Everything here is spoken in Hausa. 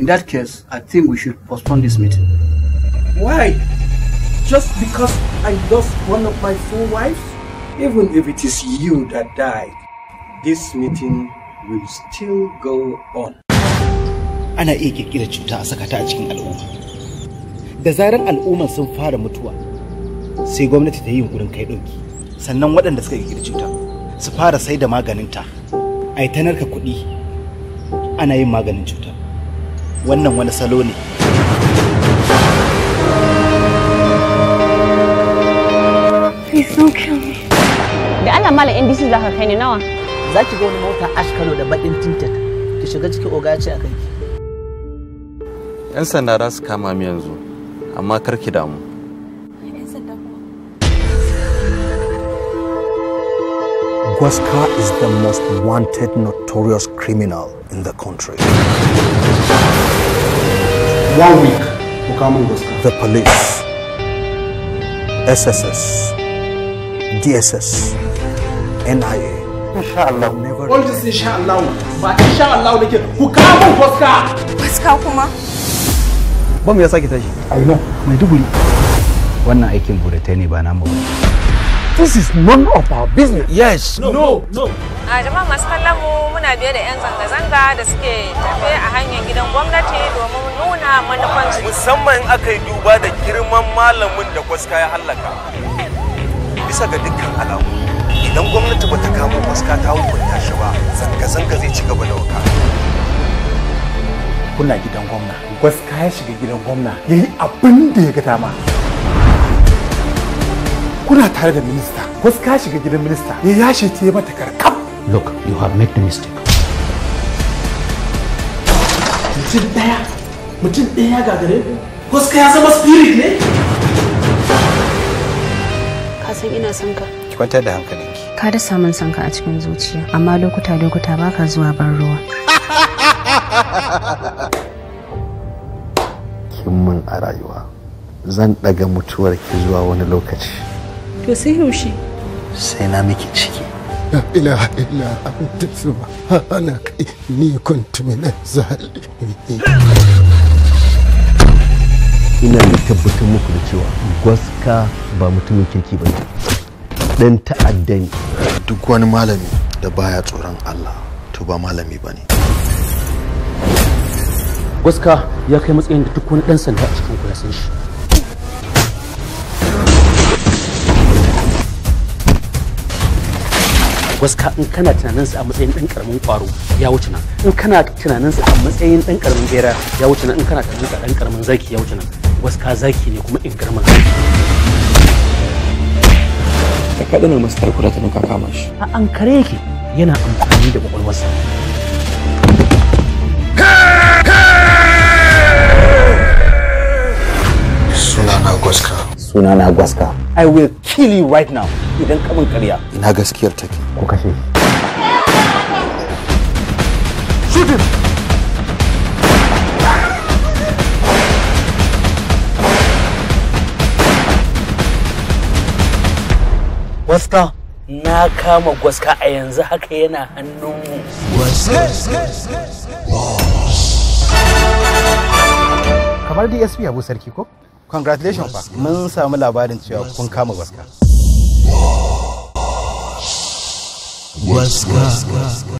In that case, I think we should postpone this meeting. Why? Just because I lost one of my four wives? Even if it is you that died, this meeting will still go on. Ana iya kirkira cuta a sakata a cikin al'umma. Da zarar al'umma sun fara mutuwa, sai gwamnati ta yi yunkurin kai ɗauki. Sannan waɗanda suka kirkira cuta su fara sai da ta. Ai ta narka kuɗi ana yin maganin cuta. wannan wani salo ne da ana mala ndc za ka kai ni nawa za ki ga wani mota ashkalo da baɗin tintat ki shiga ciki oga ce a kai yan sanda za su kama mi yanzu amma kar ki damu Kwaska is the most wanted notorious criminal in the country. One week, Bukamu Kwaska. The police, SSS, DSS, NIA. Inshallah. Never All this inshallah. But inshallah nake Bukamu Kwaska. Kwaska kuma? Bam ya sake tashi. I know. Maiduguri. Wannan aikin buratai ne ba namu ba. This is none of our business. Yes. No. No. A jama'a masu kallon mu muna biye da 'yan zanga-zanga da suke tafe a hanyar gidan gwamnati domin nuna manufansu. Musamman aka yi duba da girman malamin da kwaska ya hallaka. Bisa ga dukkan alamu, idan gwamnati bata kamo kwaska ta hukunta shi ba, zanga-zanga zai ci gaba da wuka. kuna gidan gwamna gwaska ya shiga gidan gwamna ya yi abin da ya ga dama kuna tare da minista wasu ka shiga gidan minista ya yashe ta yi mata karkab look you have made the mistake mutum daya mutum daya ga gare ku wasu ya zama spirit ne ka san ina son ka ki kwantar da hankalinki ka da samun son ka a cikin zuciya amma lokuta lokuta ba ka zuwa ban ruwa kin mun a rayuwa zan daga mutuwar ki zuwa wani lokaci to sai yaushe sai na miki ciki la ilaha illa anta subhanaka inni kuntu minaz zalimin ina mai tabbatar muku da cewa gwaska ba mutumin kirki ba ne ɗan ta'adda ne duk wani malami da baya tsoron Allah to ba malami ba ne gwaska ya kai matsayin da duk wani ɗan sanda a cikin ku shi waska in kana tunanin sa a matsayin dan karamin kwaro ya wuce nan in kana tunanin sa a matsayin dan karamin bera ya wuce nan in kana tunanin sa dan karamin zaki ya wuce nan waska zaki ne kuma in karamin da ka na masu tarko da nuka kama shi a an kare yake yana amfani da kwakwalwarsa sunana gwaska sunana gwaska i will kill you right now idan kamun karya ina gaskiyar take ko shoot Waska na kama gwaska a yanzu haka yana hannunmu. Kamar DSP Abu Sarki ko? congratulations fa mun samu labarin cewa kun kama waska waska